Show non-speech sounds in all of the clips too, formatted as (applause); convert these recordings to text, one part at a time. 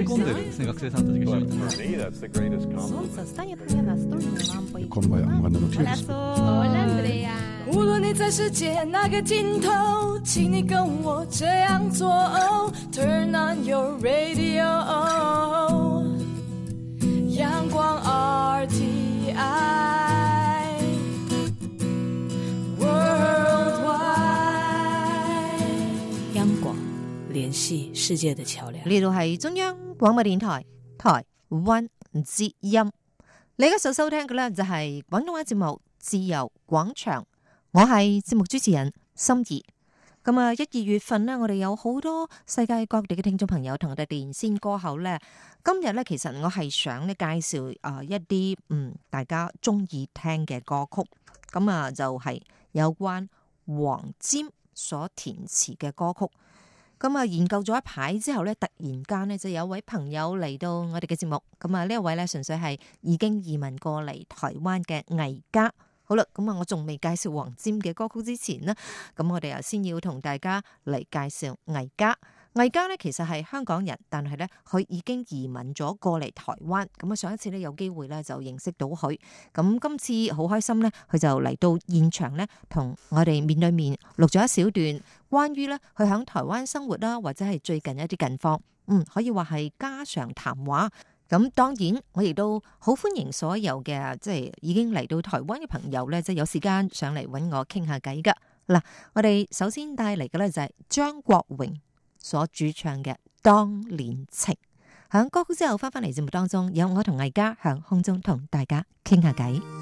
滲進去，所以學生無論你在世界哪個盡頭，請你跟我這樣做。Turn on your radio，央廣 RTI，World Wide，央廣聯繫世界的橋梁。例如係中央廣播電台，台灣之音，你而家所收聽嘅咧就係廣東話節目《自由廣場》，我係節目主持人心怡。咁啊，一二月份呢，我哋有好多世界各地嘅聽眾朋友同我哋連線歌喉咧。今日咧，其實我係想咧介紹誒一啲嗯大家中意聽嘅歌曲。咁啊，就係有關黃沾所填詞嘅歌曲。咁啊，研究咗一排之後咧，突然間咧就有位朋友嚟到我哋嘅節目。咁啊，呢一位咧純粹係已經移民過嚟台灣嘅藝家。好啦，咁啊，我仲未介紹黃霑嘅歌曲之前咧，咁我哋又先要同大家嚟介紹藝家。藝家咧，其實係香港人，但係咧佢已經移民咗過嚟台灣。咁啊，上一次咧有機會咧就認識到佢。咁今次好開心咧，佢就嚟到現場咧，同我哋面對面錄咗一小段關於咧佢喺台灣生活啦，或者係最近一啲近況。嗯，可以話係家常談話。咁當然我亦都好歡迎所有嘅即係已經嚟到台灣嘅朋友咧，即係有時間上嚟搵我傾下偈噶嗱。我哋首先帶嚟嘅咧就係張國榮。所主唱嘅當年情，響歌曲之後翻返嚟節目當中，有我同藝家響空中同大家傾下偈。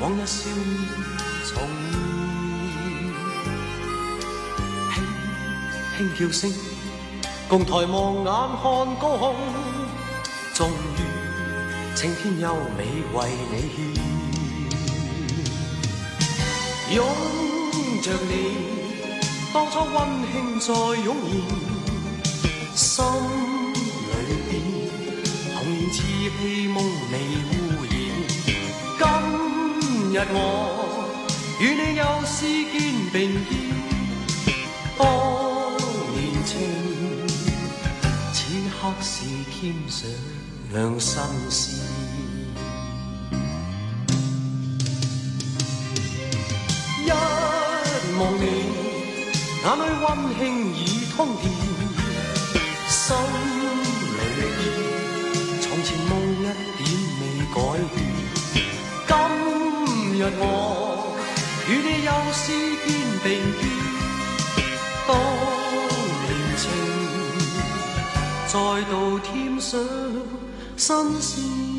往日笑面重現，輕輕叫聲，共抬望眼看高空，終於青天優美為你獻。擁着你，當初温馨再湧現，心裏邊童年稚氣夢未污。今日我與你又試肩並肩，當年情此刻是添上兩心事。一望你眼裏溫馨已通電，心裏邊從前夢一點未改變。我與你又試肩並肩，當年情再度添上新鮮。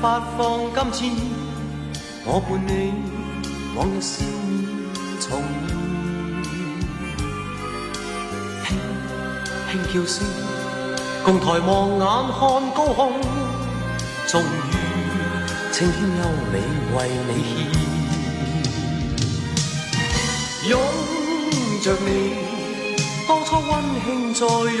發放金箭，我伴你往日笑面重現，輕輕叫聲，共抬望眼看高空，終於青天優美為你獻，擁着你，當初溫馨再湧現。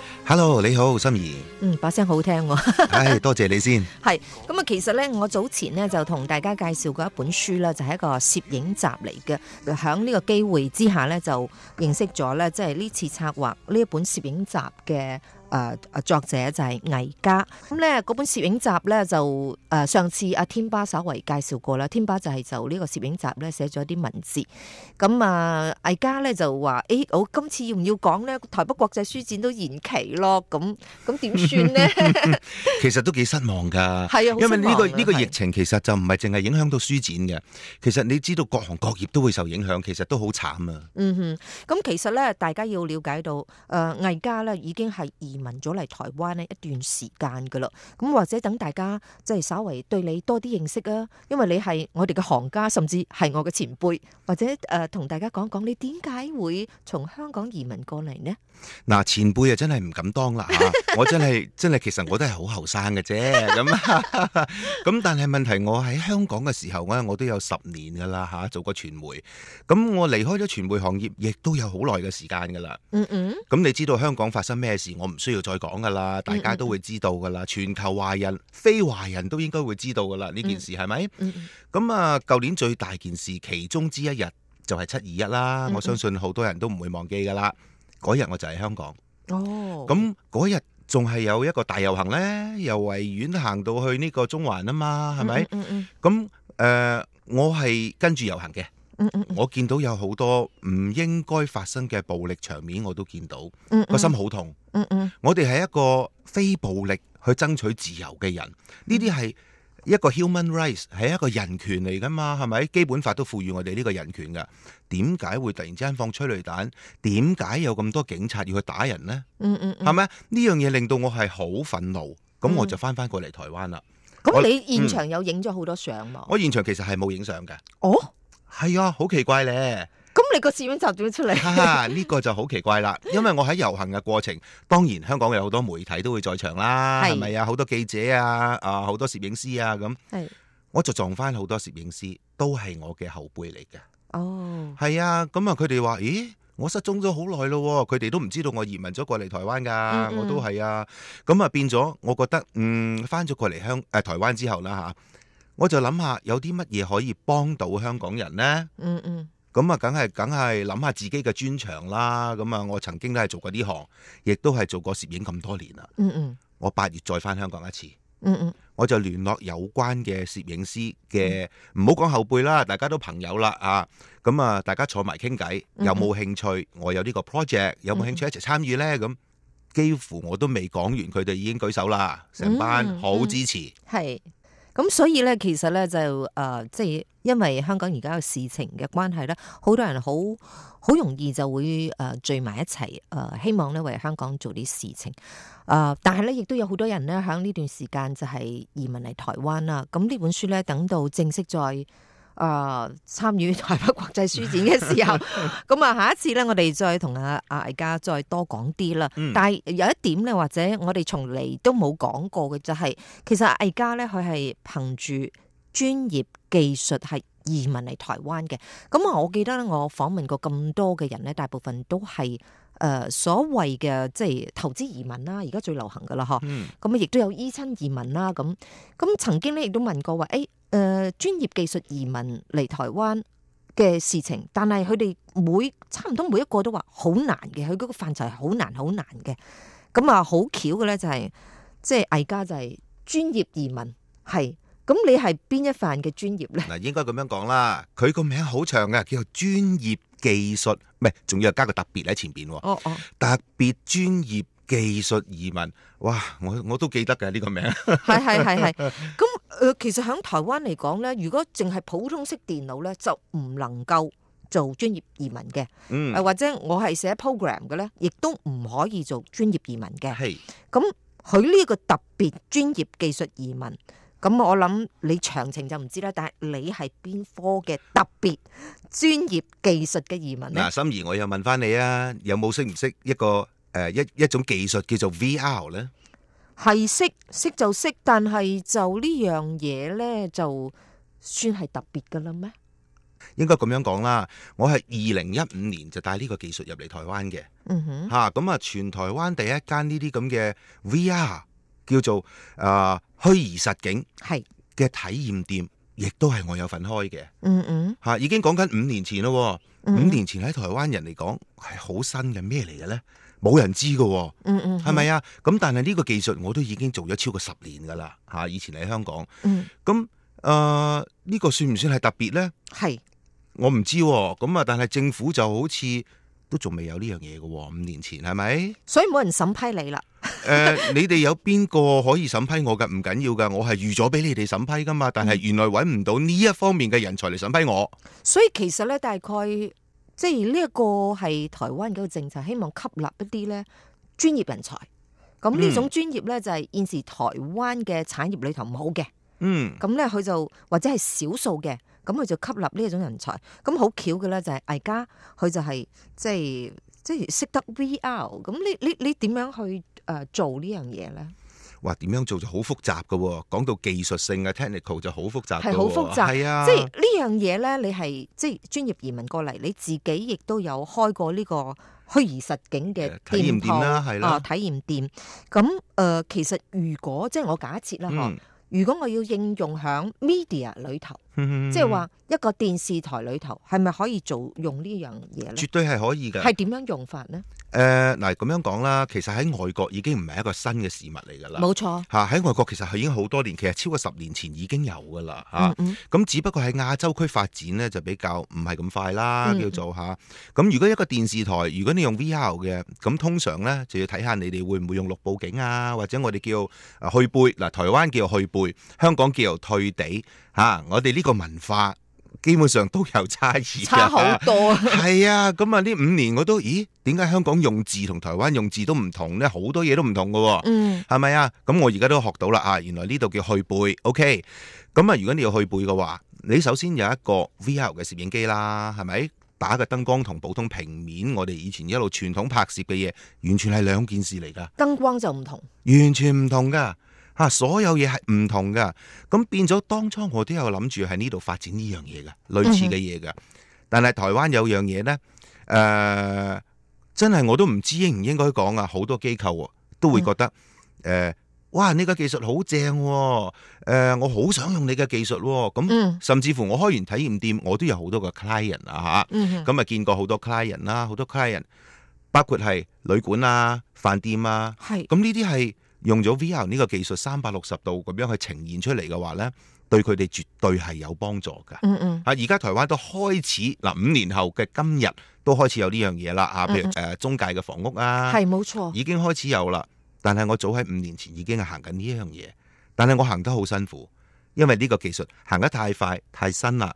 hello，你好，心儀，嗯，把聲好聽、哦，唉、 (laughs) 哎，多謝你先，係，咁、嗯、啊，其實咧，我早前呢就同大家介紹過一本書啦，就係、是、一個攝影集嚟嘅，喺呢個機會之下咧就認識咗咧，即係呢次策劃呢一本攝影集嘅。誒誒，作者就係藝家，咁咧嗰本攝影集咧就誒，上次阿天巴稍微介紹過啦，天巴就係就呢個攝影集咧寫咗啲文字，咁啊藝家咧就話誒，我今次要唔要講咧？台北國際書展都延期咯，咁咁點算咧？其實都幾失望噶，係啊，因為呢個呢個疫情其實就唔係淨係影響到書展嘅，其實你知道各行各業都會受影響，其實都好慘啊。嗯哼，咁其實咧大家要了解到誒，藝家咧已經係二。移民咗嚟台灣咧一段時間噶啦，咁或者等大家即係稍為對你多啲認識啊，因為你係我哋嘅行家，甚至係我嘅前輩，或者誒同、呃、大家講講你點解會從香港移民過嚟呢？嗱，前輩啊真係唔敢當啦吓， (laughs) 我真係真係其實我都係好後生嘅啫，咁咁 (laughs) 但係問題我喺香港嘅時候咧，我都有十年噶啦吓，做過傳媒，咁我離開咗傳媒行業，亦都有好耐嘅時間噶啦，嗯嗯，咁你知道香港發生咩事，我唔需。都要再講噶啦，大家都會知道噶啦。全球華人、非華人都應該會知道噶啦。呢件事係咪？咁啊，舊、嗯、年最大件事，其中之一日就係七二一啦。嗯、我相信好多人都唔會忘記噶啦。嗰日我就喺香港哦，咁嗰日仲係有一個大遊行呢，由維園行到去呢個中環啊嘛，係咪？咁誒、嗯嗯嗯呃，我係跟住遊行嘅。 (noise) 我見到有好多唔應該發生嘅暴力場面，我都見到 (noise) 個心好痛。 (noise) (noise) 我哋係一個非暴力去爭取自由嘅人，呢啲係一個 human rights，係一個人權嚟噶嘛？係咪？基本法都賦予我哋呢個人權噶？點解會突然之間放催淚彈？點解有咁多警察要去打人呢？係咪？呢 (noise) 樣嘢令到我係好憤怒，咁我就翻翻過嚟台灣啦。咁 (noise) 我你現場有影咗好多相嘛？ (noise) (noise) 我現場其實係冇影相嘅。哦。 (noise) (noise) (noise) 係啊，好奇怪咧！咁你個攝影集點樣出嚟？呢、這個就好奇怪啦，因為我喺遊行嘅過程， (laughs) 當然香港有好多媒體都會在場啦，係咪啊？好多記者啊，啊，好多攝影師啊，咁，係是我就撞翻好多攝影師，都係我嘅後輩嚟嘅。哦，係啊，咁啊，佢哋話，咦，我失蹤咗好耐咯，佢哋都唔知道我移民咗過嚟台灣噶，嗯嗯，我都係啊。咁啊，變咗，我覺得，嗯，翻咗過嚟香誒台灣之後啦，吓、啊。我就諗下有啲乜嘢可以幫到香港人呢？嗯嗯，咁啊，梗係梗係諗下自己嘅專長啦。咁啊，我曾經都係做過呢行，亦都係做過攝影咁多年啦。嗯嗯，我八月再翻香港一次。嗯嗯，我就聯絡有關嘅攝影師嘅，唔好講後輩啦，大家都朋友啦啊。咁啊，大家坐埋傾偈，有冇興趣？嗯嗯，我有呢個 project，有冇興趣一齊參與呢？咁、嗯嗯、幾乎我都未講完，佢哋已經舉手啦，成班好支持。係、嗯嗯。咁所以咧，其實咧就誒、呃，即係因為香港而家嘅事情嘅關係咧，好多人好好容易就會誒、呃、聚埋一齊，誒、呃、希望咧為香港做啲事情。誒、呃，但係咧亦都有好多人咧喺呢段時間就係移民嚟台灣啦。咁呢本書咧，等到正式再，誒，參與、呃、台北國際書展嘅時候，咁啊，下一次咧，我哋再同阿阿藝家再多講啲啦。嗯、但係有一點咧，或者我哋從嚟都冇講過嘅就係、是，其實藝家咧，佢係憑住專業技術係移民嚟台灣嘅。咁啊，我記得咧，我訪問過咁多嘅人咧，大部分都係。誒、呃，所謂嘅即係投資移民啦，而家最流行噶啦嗬。咁啊，亦都有依親移民啦，咁、嗯、咁、嗯、曾經咧，亦都問過話，誒、欸，誒、呃，專業技術移民嚟台灣嘅事情，但係佢哋每差唔多每一個都話好難嘅，佢嗰個範疇係好難好難嘅。咁、嗯、啊，嗯嗯、好巧嘅咧、就是，就係即係藝家就係專業移民係。咁你係邊一範嘅專業咧？嗱，應該咁樣講啦，佢個名好長嘅，叫做專業。技術唔係，仲要加個特別喺前邊。哦。哦哦，特別專業技術移民，哇！我我都記得嘅呢，這個名。係係係係。咁誒、呃，其實喺台灣嚟講咧，如果淨係普通式電腦咧，就唔能夠做專業移民嘅。嗯。或者我係寫 program 嘅咧，亦都唔可以做專業移民嘅。係是。咁佢呢個特別專業技術移民。咁我諗你詳情就唔知啦，但係你係邊科嘅特別專業技術嘅移民呢？嗱，心怡我又問翻你啊，有冇識唔識一個誒、呃、一一種技術叫做 VR 呢？係識，識就識，但係就呢樣嘢呢，就算係特別噶啦咩？應該咁樣講啦，我係二零一五年就帶呢個技術入嚟台灣嘅，嗯哼，吓咁啊，全台灣第一間呢啲咁嘅 VR。叫做啊虛擬實境係嘅體驗店，是亦都係我有份開嘅、嗯。嗯嗯，吓、啊、已經講緊五年前咯，嗯、五年前喺台灣人嚟講係好新嘅咩嚟嘅咧，冇人知嘅、嗯。嗯嗯，係咪啊？咁但係呢個技術我都已經做咗超過十年噶啦。吓、啊，以前喺香港。嗯。咁誒，呢、呃這個算唔算係特別咧？係是我唔知。咁啊，但係政府就好似都仲未有呢樣嘢嘅。五年前係咪？所以冇人審批你啦。誒， (laughs) uh, 你哋有邊個可以審批我嘅？唔緊要噶，我係預咗俾你哋審批噶嘛。但係原來搵唔到呢一方面嘅人才嚟審批我， (noise) 所以其實咧，大概即係呢一個係台灣嗰個政策，希望吸納一啲咧專業人才。咁呢種專業咧就係現時台灣嘅產業裏頭唔好嘅。 (noise) 嗯，咁咧佢就或者係少數嘅，咁佢就吸納呢一種人才。咁好巧嘅咧就係、就是，藝家佢就係即係即係識得 VR。咁你你你點樣去？誒、呃，做呢樣嘢咧，話點樣做就好複雜噶、哦。講到技術性嘅 technical 就好複、哦、複雜，係好複雜，係啊。即係呢樣嘢咧，你係即係專業移民過嚟，你自己亦都有開過呢個虛擬實境嘅體驗店啦，係啦、呃，體驗店。咁誒、啊呃，其實如果即係我假設啦，嗬、嗯，如果我要應用響 media 裏頭。嗯、即係話一個電視台裏頭係咪可以做用呢樣嘢咧？絕對係可以嘅。係點樣用法呢？誒、呃，嗱，咁樣講啦，其實喺外國已經唔係一個新嘅事物嚟噶啦。冇錯。吓，喺外國其實係已經好多年，其實超過十年前已經有噶啦。吓咁、嗯嗯、只不過喺亞洲區發展呢，就比較唔係咁快啦，嗯、叫做吓。咁、啊、如果一個電視台如果你用 V R 嘅，咁通常呢就要睇下你哋會唔會用綠布景啊，或者我哋叫去背嗱，台灣叫去背，香港叫退地。吓、啊，我哋呢個文化基本上都有差異，差好很多。係 (laughs) 啊，咁啊呢五年我都，咦？點解香港用字同台灣用字都唔同呢？好多嘢都唔同噶，哦。嗯，係咪啊？咁我而家都學到啦。啊，原來呢度叫去背。OK，咁啊，如果你要去背嘅話，你首先有一個 V R 嘅攝影機啦，係咪？打個燈光同普通平面，我哋以前一路傳統拍攝嘅嘢，完全係兩件事嚟噶。燈光就唔同，完全唔同噶。啊！所有嘢係唔同噶，咁變咗當初我都有諗住喺呢度發展呢樣嘢噶，類似嘅嘢噶。Mm hmm. 但係台灣有樣嘢呢，誒、呃，真係我都唔知應唔應該講啊！好多機構都會覺得，誒、mm hmm. 呃，哇，呢個技術好正，誒、呃，我好想用你嘅技術、哦。咁，mm hmm. 甚至乎我開完體驗店，我都有好多個 client 啊，吓、啊，咁啊、mm hmm. 見過好多 client 啦，好多 client，包括係旅館啊、飯店啊，咁呢啲係。Hmm. 是用咗 VR 呢個技術，三百六十度咁樣去呈現出嚟嘅話呢，對佢哋絕對係有幫助噶。嗯嗯，啊，而家台灣都開始嗱，五年後嘅今日都開始有呢樣嘢啦。啊，譬如誒，中介嘅房屋啊，係冇錯，錯已經開始有啦。但係我早喺五年前已經係行緊呢樣嘢，但係我行得好辛苦，因為呢個技術行得太快太新啦。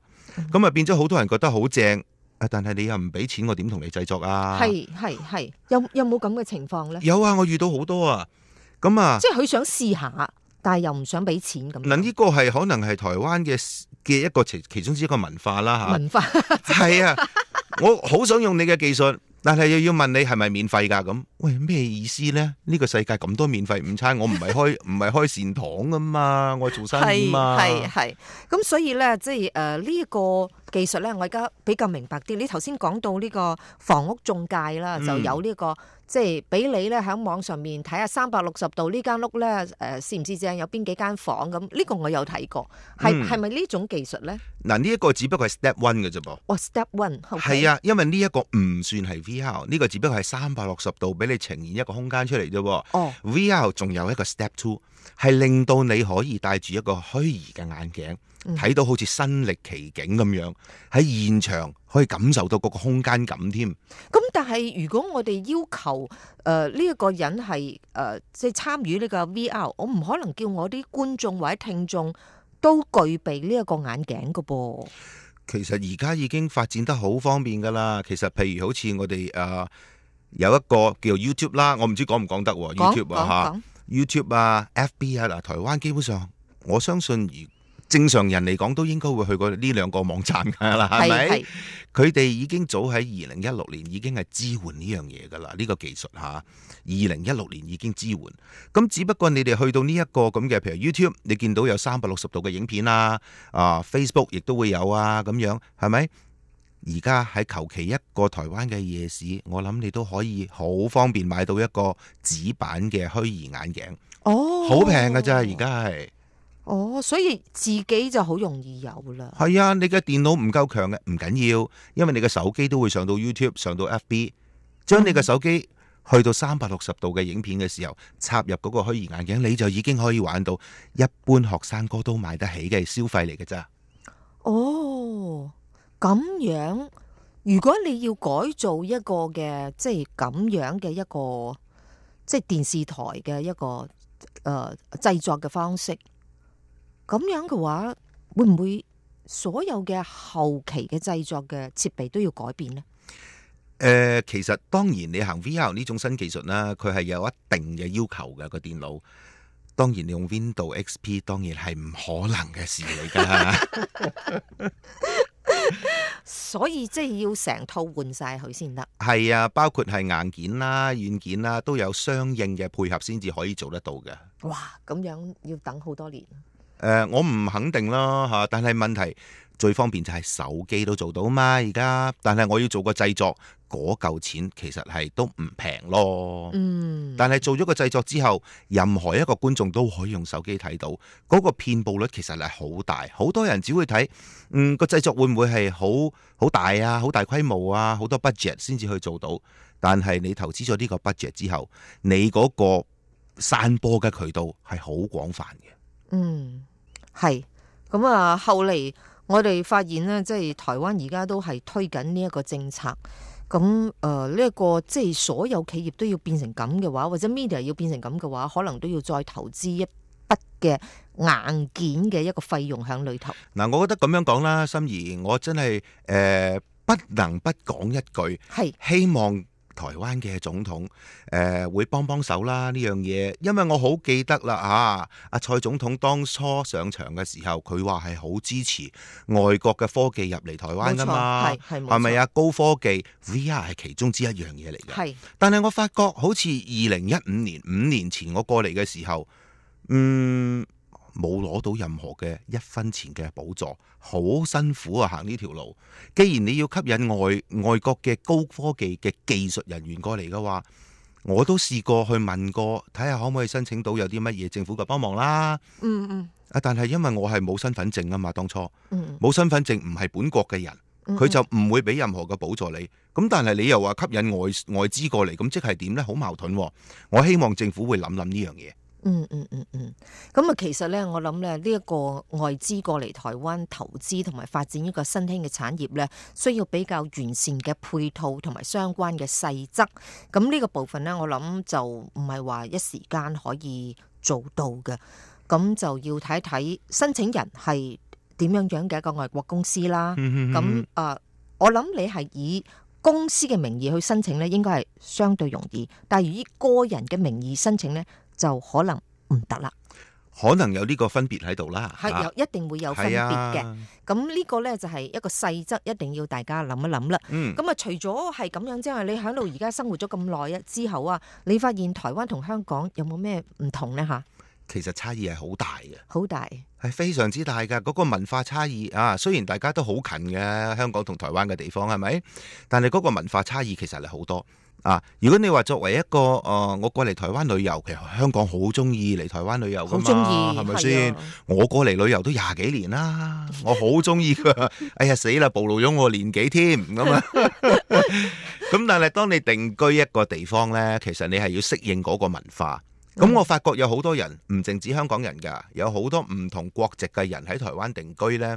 咁啊，嗯，變咗好多人覺得好正，但係你又唔俾錢，我點同你製作啊？係係係，有有冇咁嘅情況呢？有啊，我遇到好多啊。咁啊，即係佢想試下，但係又唔想俾錢咁。嗱，呢個係可能係台灣嘅嘅一個其其中之一個文化啦，吓文化係啊！ (laughs) 我好想用你嘅技術，但係又要問你係咪免費噶？咁喂，咩意思咧？呢、這個世界咁多免費午餐，我唔係開唔係 (laughs) 開善堂噶嘛？我做生意嘛，係係 (laughs) 咁所以咧，即係誒呢個技術咧，我而家比較明白啲。你頭先講到呢個房屋中介啦，就有呢、這個。即係俾你咧喺網上面睇下三百六十度呢間屋咧，誒試唔試正？有邊幾間房咁？呢個我有睇過，係係咪呢種技術咧？嗱、嗯，呢一個只不過係 step one 嘅啫噃。哦、oh，step one 係、okay、啊，因為呢一個唔算係 VR，呢個只不過係三百六十度俾你呈現一個空間出嚟啫。哦、oh，VR 仲有一個 step two。係令到你可以戴住一個虛擬嘅眼鏡，睇到好似身歷其境咁樣喺現場可以感受到嗰個空間感添。咁、嗯、但係如果我哋要求誒呢一個人係誒即係參與呢個 VR，我唔可能叫我啲觀眾或者聽眾都具備呢一個眼鏡噶噃。其實而家已經發展得好方便噶啦。其實譬如好似我哋誒、呃、有一個叫 YouTube 啦，我唔知講唔講得 YouTube 啊吓。YouTube 啊、FB 啊，嗱，台灣基本上我相信，正常人嚟講都應該會去過呢兩個網站噶啦，係咪？佢哋已經早喺二零一六年已經係支援呢樣嘢噶啦，呢個技術吓，二零一六年已經支援。咁只不過你哋去到呢一個咁嘅，譬如 YouTube，你見到有三百六十度嘅影片啊，啊 Facebook 亦都會有啊，咁樣係咪？而家喺求其一個台灣嘅夜市，我諗你都可以好方便買到一個紙板嘅虛擬眼鏡。哦，好平㗎咋，而家係。哦，所以自己就好容易有啦。係啊，你嘅電腦唔夠強嘅唔緊要，因為你嘅手機都會上到 YouTube、上到 FB，將你嘅手機去到三百六十度嘅影片嘅時候，插入嗰個虛擬眼鏡，你就已經可以玩到。一般學生哥都買得起嘅消費嚟㗎咋。哦。咁樣，如果你要改造一個嘅，即係咁樣嘅一個，即係電視台嘅一個，誒，製作嘅方式，咁樣嘅話，會唔會所有嘅後期嘅製作嘅設備都要改變呢？誒，其實當然你行 VR 呢種新技術啦，佢係有一定嘅要求嘅個電腦。當然你用 Windows XP，當然係唔可能嘅事嚟噶。 (laughs) 所以即係要成套換晒佢先得，係啊，包括係硬件啦、軟件啦，都有相應嘅配合先至可以做得到嘅。哇，咁樣要等好多年。誒、呃，我唔肯定啦吓，但係問題。最方便就係手機都做到嘛，而家。但係我要做個製作，嗰嚿錢其實係都唔平咯。嗯，但係做咗個製作之後，任何一個觀眾都可以用手機睇到嗰個遍佈率，其實係好大。好多人只會睇，嗯，個製作會唔會係好好大啊？好大規模啊？好多 budget 先至去做到。但係你投資咗呢個 budget 之後，你嗰個散播嘅渠道係好廣泛嘅。嗯，係咁啊。後嚟。我哋發現咧，即係台灣而家都係推緊呢一個政策，咁誒呢一個即係所有企業都要變成咁嘅話，或者 media 要變成咁嘅話，可能都要再投資一筆嘅硬件嘅一個費用喺裏頭。嗱，我覺得咁樣講啦，心儀，我真係誒、呃、不能不講一句，係希望。台灣嘅總統誒、呃、會幫幫手啦呢樣嘢，因為我好記得啦嚇，阿、啊、蔡總統當初上場嘅時候，佢話係好支持外國嘅科技入嚟台灣噶嘛，係咪啊？係、係、冇錯。高科技 VR 係其中之一樣嘢嚟嘅，係。但係我發覺好似二零一五年五年前我過嚟嘅時候，嗯。冇攞到任何嘅一分錢嘅補助，好辛苦啊！行呢條路，既然你要吸引外外國嘅高科技嘅技術人員過嚟嘅話，我都試過去問過，睇下可唔可以申請到有啲乜嘢政府嘅幫忙啦。嗯嗯，啊，但係因為我係冇身份證啊嘛，當初，冇身份證唔係本國嘅人，佢就唔會俾任何嘅補助你。咁但係你又話吸引外外資過嚟，咁即係點呢？好矛盾啊。我希望政府會諗諗呢樣嘢。嗯嗯嗯嗯，咁啊，其實咧，我諗咧，呢一個外資過嚟台灣投資同埋發展呢個新興嘅產業咧，需要比較完善嘅配套同埋相關嘅細則。咁呢個部分咧，我諗就唔係話一時間可以做到嘅，咁就要睇一睇申請人係點樣樣嘅一個外國公司啦。咁啊、嗯嗯呃，我諗你係以公司嘅名義去申請咧，應該係相對容易。但係以個人嘅名義申請咧，就可能唔得啦，可能有呢個分別喺度啦，係有是、啊、一定會有分別嘅。咁呢、啊、個呢，就係一個細則，一定要大家諗一諗啦。嗯，咁啊除咗係咁樣之外，你喺度而家生活咗咁耐之後啊，你發現台灣同香港有冇咩唔同呢？吓，其實差異係好大嘅，好大係非常之大噶。嗰、嗰個文化差異啊，雖然大家都好近嘅香港同台灣嘅地方係咪？但係嗰個文化差異其實係好多。啊！如果你話作為一個誒、呃，我過嚟台灣旅遊，其實香港好中意嚟台灣旅遊噶嘛，中意係咪先？我過嚟旅遊都廿幾年啦，我好中意噶。 (laughs) 哎呀死啦，暴露咗我年紀添咁啊！咁 (laughs) (laughs) 但係當你定居一個地方呢，其實你係要適應嗰個文化。咁、嗯、我發覺有好多人唔淨止香港人噶，有好多唔同國籍嘅人喺台灣定居呢，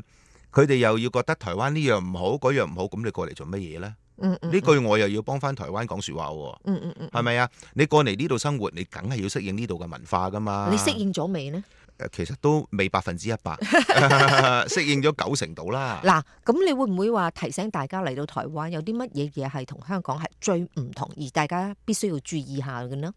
佢哋又要覺得台灣呢樣唔好，嗰樣唔好，咁你過嚟做乜嘢呢？呢、嗯嗯、句我又要幫返台灣講說話喎、啊，係咪、嗯嗯嗯、啊？你過嚟呢度生活，你梗係要適應呢度嘅文化噶嘛？你適應咗未呢？其實都未百分之一百適 (laughs) (laughs) 應咗九成度啦。嗱，咁你會唔會話提醒大家嚟到台灣有啲乜嘢嘢係同香港係最唔同，而大家必須要注意下嘅呢？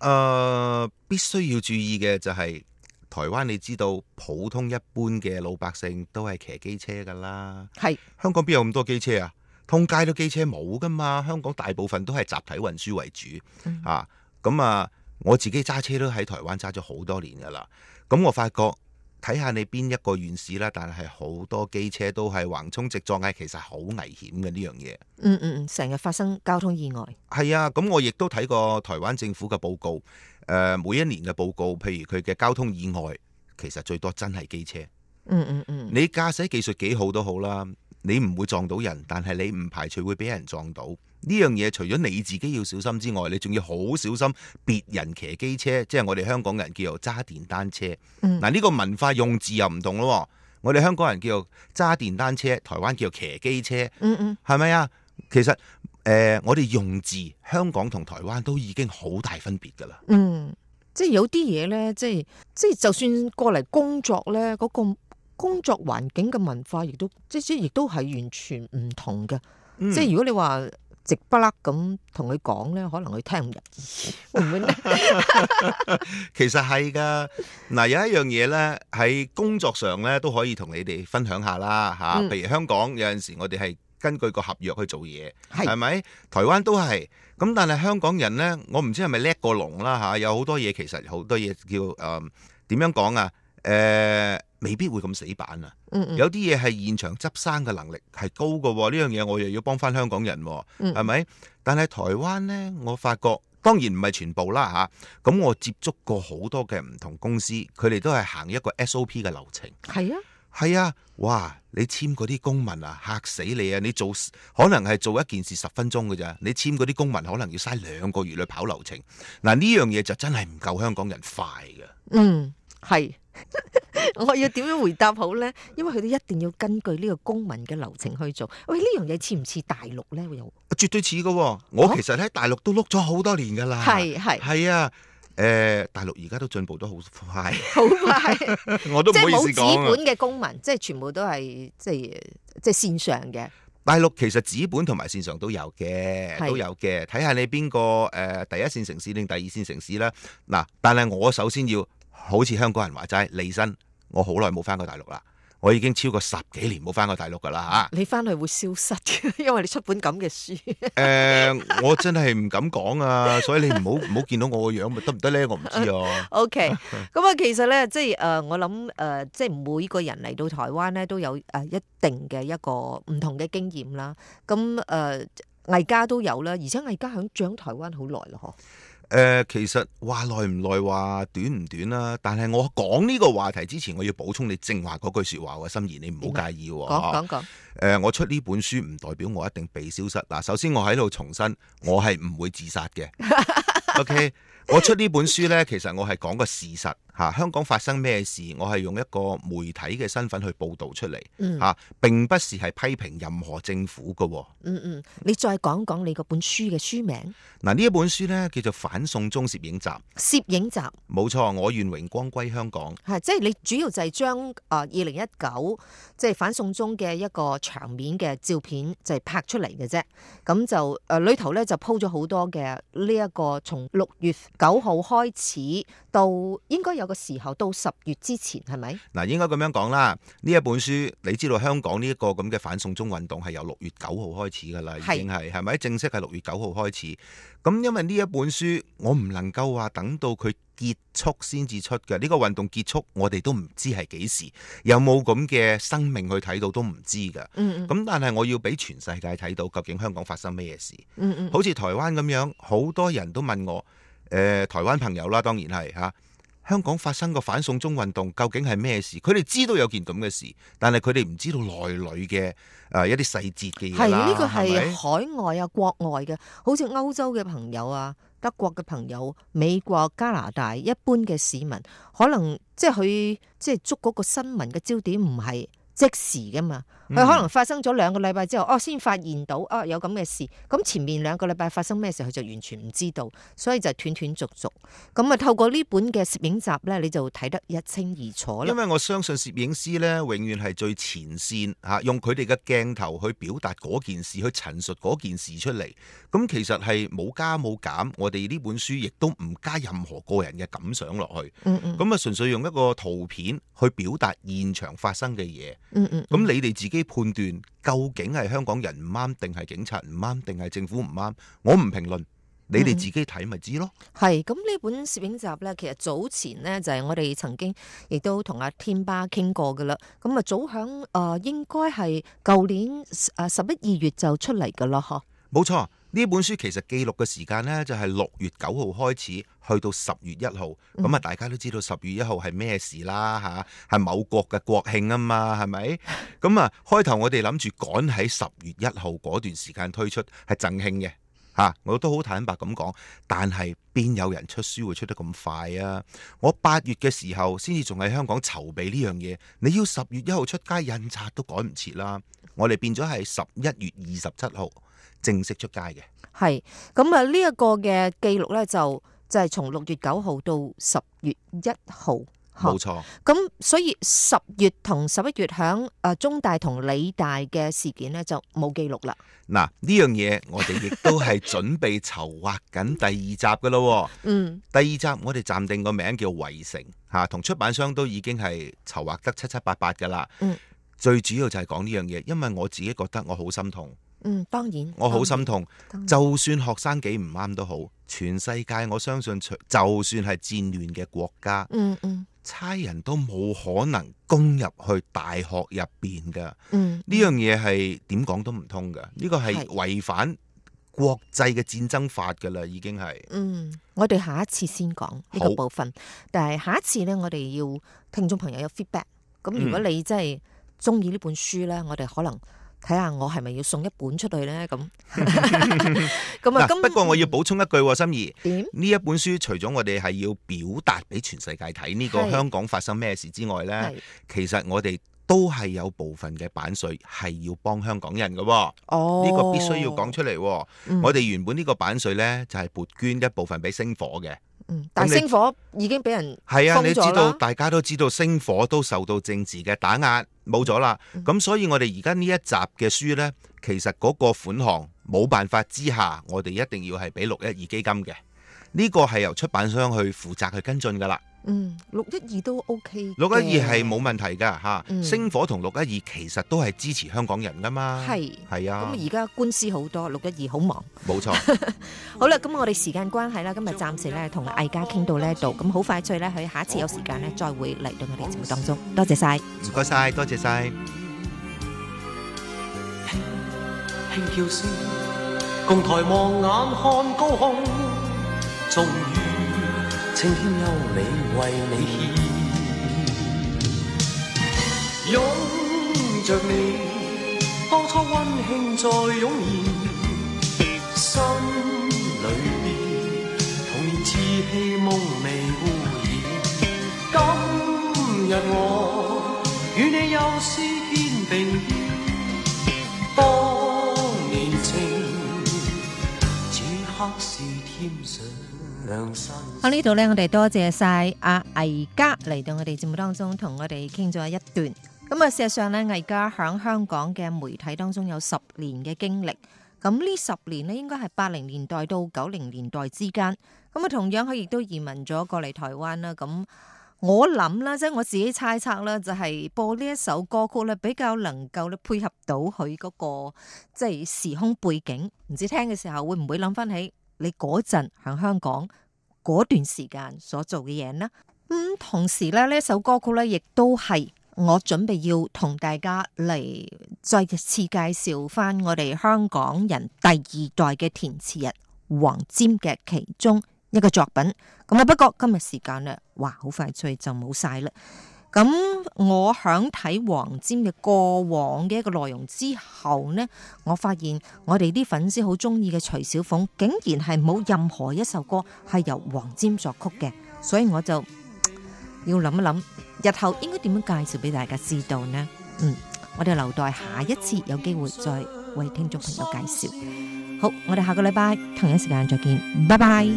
誒、呃，必須要注意嘅就係、是、台灣，你知道普通一般嘅老百姓都係騎機車噶啦，係，是香港邊有咁多機車啊？通街都機車冇㗎嘛，香港大部分都係集體運輸為主、嗯、啊。咁啊，我自己揸車都喺台灣揸咗好多年㗎喇。咁、啊、我發覺睇下你邊一個縣市啦，但係好多機車都係橫衝直撞嘅，其實好危險嘅呢樣嘢。嗯嗯嗯，成日發生交通意外。係啊，咁我亦都睇過台灣政府嘅報告，誒、呃、每一年嘅報告，譬如佢嘅交通意外，其實最多真係機車。嗯嗯嗯，你駕駛技術幾好都好啦。你唔會撞到人，但係你唔排除會俾人撞到。呢樣嘢除咗你自己要小心之外，你仲要好小心別人騎機車，即係我哋香港人叫做揸電單車。嗱呢、嗯、個文化用字又唔同咯。我哋香港人叫做揸電單車，台灣叫騎機車。嗯嗯，係咪啊？其實誒、呃，我哋用字香港同台灣都已經好大分別㗎啦。嗯，即係有啲嘢呢，即係即係就算過嚟工作呢嗰、嗰個。工作環境嘅文化亦都即係亦都係完全唔同嘅，嗯、即係如果你話直不甩咁同佢講咧，可能佢聽唔入耳。會會 (laughs) 其實係嘅，嗱有一樣嘢咧喺工作上咧都可以同你哋分享下啦嚇、啊，譬如香港有陣時我哋係根據個合約去做嘢，係咪是？台灣都係，咁但係香港人咧，我唔知係咪叻過龍啦嚇，有好多嘢其實好多嘢叫誒點、呃、樣講啊？誒、呃。未必會咁死板啊！嗯嗯，有啲嘢，係現場執生嘅能力係高嘅呢樣嘢，這個、我又要幫翻香港人、啊，係咪、嗯？但係台灣呢，我發覺當然唔係全部啦吓。咁、啊、我接觸過好多嘅唔同公司，佢哋都係行一個 SOP 嘅流程。係啊，係啊，哇！你簽嗰啲公文啊，嚇死你啊！你做可能係做一件事十分鐘嘅咋。你簽嗰啲公文可能要嘥兩個月去跑流程。嗱，呢樣嘢就真係唔夠香港人快嘅。嗯，係。 (laughs) 我要點樣回答好呢？因為佢哋一定要根據呢個公民嘅流程去做。喂，呢樣嘢似唔似大陸呢？會有？絕對似嘅。我其實喺大陸都碌咗好多年噶啦。係係係啊。誒、呃，大陸而家都進步得好快，好快。我都唔可以講。冇紙本嘅公民，即係全部都係即係即係線上嘅。大陸其實紙本同埋線上都有嘅，都有嘅。睇下你邊個誒第一線城市定第二線城市啦。嗱，但係我首先要。好似香港人話齋，李生，我好耐冇翻過大陸啦，我已經超過十幾年冇翻過大陸噶啦嚇。你翻去會消失嘅，因為你出本咁嘅書。誒、 (laughs) 呃，我真係唔敢講啊，所以你唔好唔好見到我個樣咪得唔得咧？我唔知啊。OK，咁啊，其實咧，即係誒，我諗誒，即係每個人嚟到台灣咧，都有誒一定嘅一個唔同嘅經驗啦。咁誒，藝、呃、家都有啦，而且藝家響長台灣好耐咯，嗬。誒、呃，其實久久話耐唔耐，話短唔短啦，啊，但係我講呢個話題之前，我要補充你正話嗰句說話喎，心怡你唔好介意。講講講。誒、呃，我出呢本書唔代表我一定被消失。嗱，首先我喺度重申，我係唔會自殺嘅。O K。 (laughs) 我出呢本書呢，其實我係講個事實嚇、啊，香港發生咩事，我係用一個媒體嘅身份去報導出嚟嚇、啊，並不是係批評任何政府嘅、哦。嗯嗯，你再講講你嗰本書嘅書名。嗱，呢一本書呢，叫做《反送中攝影集》，攝影集冇錯，我願榮光歸香港。係即係你主要就係將啊二零一九即係反送中嘅一個場面嘅照片就係拍出嚟嘅啫。咁就誒裏、呃呃、頭呢，就鋪咗好多嘅呢一個從六月九號開始到應該有個時候到十月之前係咪？嗱，應該咁樣講啦。呢一本書，你知道香港呢一個咁嘅反送中運動係由六月九號開始噶啦，是已經係，係咪？正式係六月九號開始。咁、嗯、因為呢一本書，我唔能夠話等到佢結束先至出嘅。呢、這個運動結束，我哋都唔知係幾時，有冇咁嘅生命去睇到都唔知噶。嗯咁、嗯嗯、但係我要俾全世界睇到究竟香港發生咩事。嗯嗯，好似台灣咁樣，好多人都問我。誒、呃、台灣朋友啦，當然係嚇、啊。香港發生個反送中運動，究竟係咩事？佢哋知道有件咁嘅事，但係佢哋唔知道內裏嘅誒一啲細節嘅嘢啦。係呢個係海外啊、係唔係國外嘅，好似歐洲嘅朋友啊、德國嘅朋友、美國、加拿大一般嘅市民，可能即係佢即係捉嗰個新聞嘅焦點唔係，即時噶嘛，佢可能發生咗兩個禮拜之後，哦，先發現到，哦，有咁嘅事。咁前面兩個禮拜發生咩事，佢就完全唔知道，所以就斷斷續續。咁啊，透過呢本嘅攝影集呢，你就睇得一清二楚啦。因為我相信攝影師呢，永遠係最前線，吓，用佢哋嘅鏡頭去表達嗰件事，去陳述嗰件事出嚟。咁其實係冇加冇減，我哋呢本書亦都唔加任何個人嘅感想落去。嗯嗯。咁啊，純粹用一個圖片去表達現場發生嘅嘢。嗯嗯，咁、嗯、你哋自己判斷究竟係香港人唔啱，定係警察唔啱，定係政府唔啱？我唔評論，你哋自己睇咪知咯。係咁呢本攝影集呢，其實早前呢，就係、是、我哋曾經亦都同阿天巴傾過噶啦。咁啊早響誒、呃、應該係舊年誒十一二月就出嚟噶啦嗬，冇錯。呢本書其實記錄嘅時間呢，就係六月九號開始，去到十月一號。咁啊、嗯，大家都知道十月一號係咩事啦吓，係、啊、某國嘅國慶啊嘛，係咪？咁啊，開頭、啊、我哋諗住趕喺十月一號嗰段時間推出，係贈慶嘅吓，我都好坦白咁講，但係邊有人出書會出得咁快啊？我八月嘅時候先至仲喺香港籌備呢樣嘢，你要十月一號出街印刷都趕唔切啦。我哋變咗係十一月二十七號，正式出街嘅，係咁啊！呢一個嘅記錄呢，就就係從六月九號到十月一號，冇錯。咁、嗯、所以十月同十一月響誒中大同理大嘅事件呢，就冇記錄啦。嗱，呢樣嘢我哋亦都係準備籌劃緊第二集噶咯 (laughs) 嗯，第二集我哋暫定個名叫圍城，吓，同出版商都已經係籌劃得七七八八噶啦。嗯，最主要就係講呢樣嘢，因為我自己覺得我好心痛。嗯，當然，當然我好心痛。就算學生幾唔啱都好，全世界我相信，就算係戰亂嘅國家，嗯嗯，差、嗯、人都冇可能攻入去大學入邊噶。嗯，呢樣嘢係點講都唔通噶，呢個係違反國際嘅戰爭法噶啦，已經係。嗯，我哋下一次先講呢個部分，好但係下一次呢，我哋要聽眾朋友有 feedback、嗯。咁如果你真係中意呢本書呢，我哋可能。睇下我係咪要送一本出去呢？咁 (laughs) 咁 (laughs) (laughs) 啊！不過我要補充一句、啊，心儀點呢一本書除咗我哋係要表達俾全世界睇呢個香港發生咩事之外呢，是其實我哋都係有部分嘅版稅係要幫香港人嘅、啊。哦，呢個必須要講出嚟、啊。嗯、我哋原本呢個版稅呢，就係、是、撥捐一部分俾星火嘅。嗯，但係星火已經俾人係啊，你知道大家都知道星火都受到政治嘅打壓，冇咗啦。咁所以我哋而家呢一集嘅書呢，其實嗰個款項冇辦法之下，我哋一定要係俾六一二基金嘅。呢、這個係由出版商去負責去跟進噶啦。嗯，六一二都 OK，六一二係冇問題噶吓，星火同六一二其實都係支持香港人噶嘛，係係啊，咁而家官司好多，六一二好忙，冇錯。好啦，咁我哋時間關係啦，今日暫時咧同藝家傾到呢一度，咁好快脆咧，佢下一次有時間咧再會嚟到我哋節目當中，多謝晒，唔該晒，多謝晒。輕輕叫聲，共抬望眼看高空。青天優美為你獻，擁着你，當初溫馨再湧現，心裏邊童年稚氣夢未污染。今日我與你又試肩並肩，當年情，此刻是添上。喺呢度呢，我哋多謝晒阿藝家嚟到我哋節目當中，同我哋傾咗一段。咁、嗯、啊，事實上呢，藝家喺香港嘅媒體當中有十年嘅經歷。咁、嗯、呢十年呢，應該係八零年代到九零年代之間。咁、嗯、啊，同樣佢亦都移民咗過嚟台灣啦。咁、嗯、我諗啦，即、就、係、是、我自己猜測啦，就係、是、播呢一首歌曲呢，比較能夠咧配合到佢嗰、那個即係、就是、時空背景。唔知聽嘅時候會唔會諗返起？你嗰陣喺香港嗰段時間所做嘅嘢呢？咁、嗯、同時咧，呢首歌曲咧，亦都係我準備要同大家嚟，再次介紹翻我哋香港人第二代嘅填詞人黃霑嘅其中一個作品。咁、嗯、啊，不過今日時間咧，哇，好快脆就冇晒啦～咁我響睇黃沾嘅過往嘅一個內容之後呢，我發現我哋啲粉絲好中意嘅徐小鳳，竟然係冇任何一首歌係由黃沾作曲嘅，所以我就要諗一諗，日後應該點樣介紹俾大家知道呢？嗯，我哋留待下一次有機會再為聽眾朋友介紹。好，我哋下個禮拜同一時間再見，拜拜。